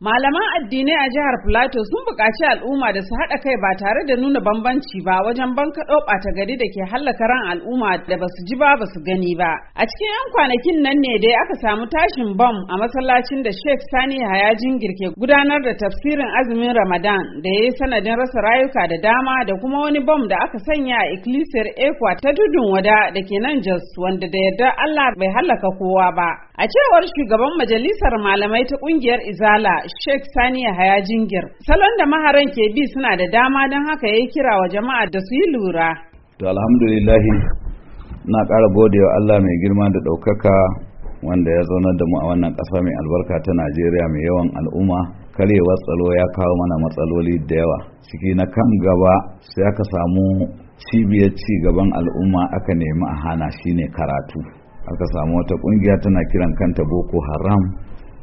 Malaman addinai a jihar Plateau sun buƙaci al'umma da su haɗa kai ba tare da nuna bambanci ba wajen bankaɗo ɓata gari da ke hallaka ran al'umma da ba su ji ba ba su gani ba. A cikin 'yan kwanakin nan ne dai aka samu tashin bom a masallacin da Sheikh Sani Haya Jingir ke gudanar da tafsirin azumin Ramadan da ya yi sanadin rasa rayuka da dama da kuma wani bom da aka sanya a ikkilisiyar Ekwa ta tudun wada da ke nan Jos wanda da yarda Allah bai hallaka kowa ba. A cewar shugaban majalisar malamai ta kungiyar Izala, Sheikh Sani haya Jingir, salon da maharan ke bi suna da dama don haka ya yi kira wa jama'a da su yi lura. To alhamdulillah na kara godewa Allah mai girma da ɗaukaka wanda ya zaunar da mu a wannan ƙasa mai albarka ta Najeriya mai yawan al'umma. karyewar tsaro ya kawo mana matsaloli da yawa. Ciki na kan gaba sai aka samu cibiyar ci gaban al'umma aka nemi a hana shine karatu. aka samu wata kungiya tana kiran kanta boko haram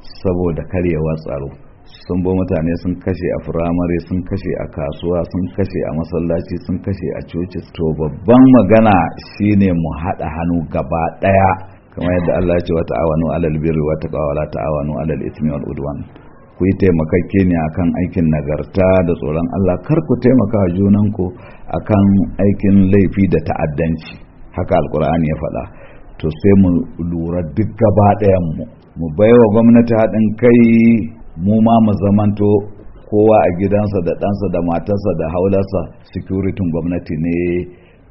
saboda karyewa tsaro sun bo mutane sun kashe a firamare sun kashe a kasuwa sun kashe a masallaci sun kashe a coci to babban magana shine mu haɗa hannu gaba ɗaya kamar yadda Allah ya ce wa ta'awanu alal birri wa taqwa la ta'awanu alal ithmi wal udwan ku yi taimakakke ne akan aikin nagarta da tsoron Allah kar ku taimaka junanku akan aikin laifi da ta'addanci haka alkur'ani ya faɗa to sai mu lura duk gaba ɗayan mu mu baiwa gwamnati haɗin kai mu ma mu zamanto kowa a gidansa da ɗansa da matarsa da haularsa security gwamnati ne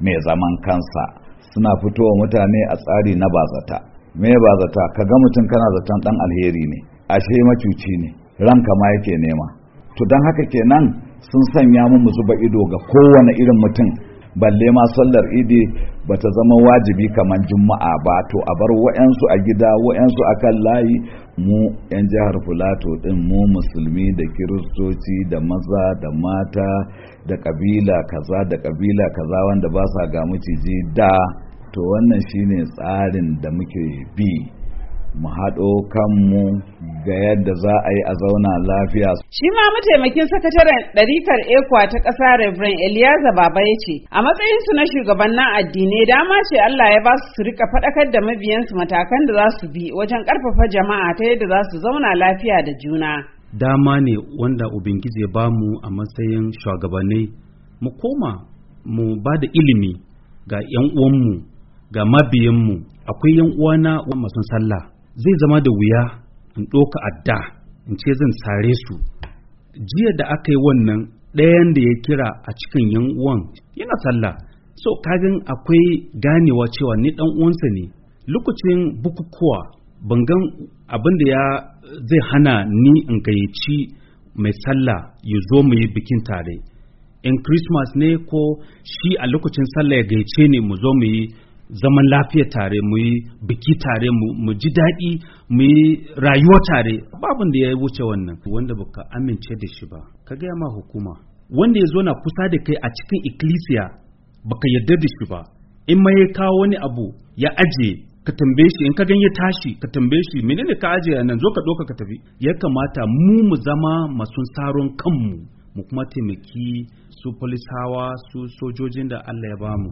mai zaman kansa suna fitowa mutane a tsari na bazata me bazata ka ga mutum kana zaton ɗan alheri ne ashe macuci ne ranka ma yake nema to don haka kenan sun sanya mu mu zuba ido ga kowane irin mutum balle ma sallar idi ba ta zama wajibi kamar juma'a ba to a bar wa'yansu a gida wa'yansu a kan layi mu 'yan jihar filato din mu musulmi da kiristoci da maza da mata da kabila kaza da kabila kaza wanda ba sa ga maciji da to wannan shine tsarin da muke bi mu haɗo kanmu ga yadda za a yi a zauna lafiya. Shi ma mataimakin sakataren ɗarikar ekwa ta ƙasa Reverend Eliyaza Baba ya ce, a matsayinsu na shugabannin addinai dama ce Allah ya ba su su rika faɗakar da mabiyansu matakan da za su bi wajen ƙarfafa jama'a ta yadda za su zauna lafiya da juna. Dama ne wanda Ubangiji ya bamu a matsayin shugabanni mu koma mu ba da ilimi ga 'yan uwanmu ga mabiyanmu akwai 'yan uwana masu sallah zai zama da wuya in ɗoka adda in ce zan sare su jiya da aka yi wannan ɗayan da ya kira a cikin yan uwan yana sallah so kagan akwai ganewa cewa ni ɗan uwansa ne lokacin bukukuwa ban gan abin da ya zai hana ni in gayyaci mai sallah ya zo mu yi bikin tare in Christmas ne ko shi a lokacin sallah ya gayyace ne mu zo mu yi zaman lafiya tare mu yi biki tare mu ji daɗi mu yi rayuwa tare babin da ya wuce wannan wanda baka amince da shi ba ka gaya ma hukuma wanda ya zo na kusa da kai a cikin ikkilisiya baka yarda da shi ba in ma ya kawo wani abu ya aje ka tambaye shi in ka gan ya tashi ka tambaye shi menene ka ajiye nan zo ka ɗauka ka tafi ya kamata mu mu zama masu tsaron kanmu mu kuma taimaki su polisawa su sojojin da Allah ya bamu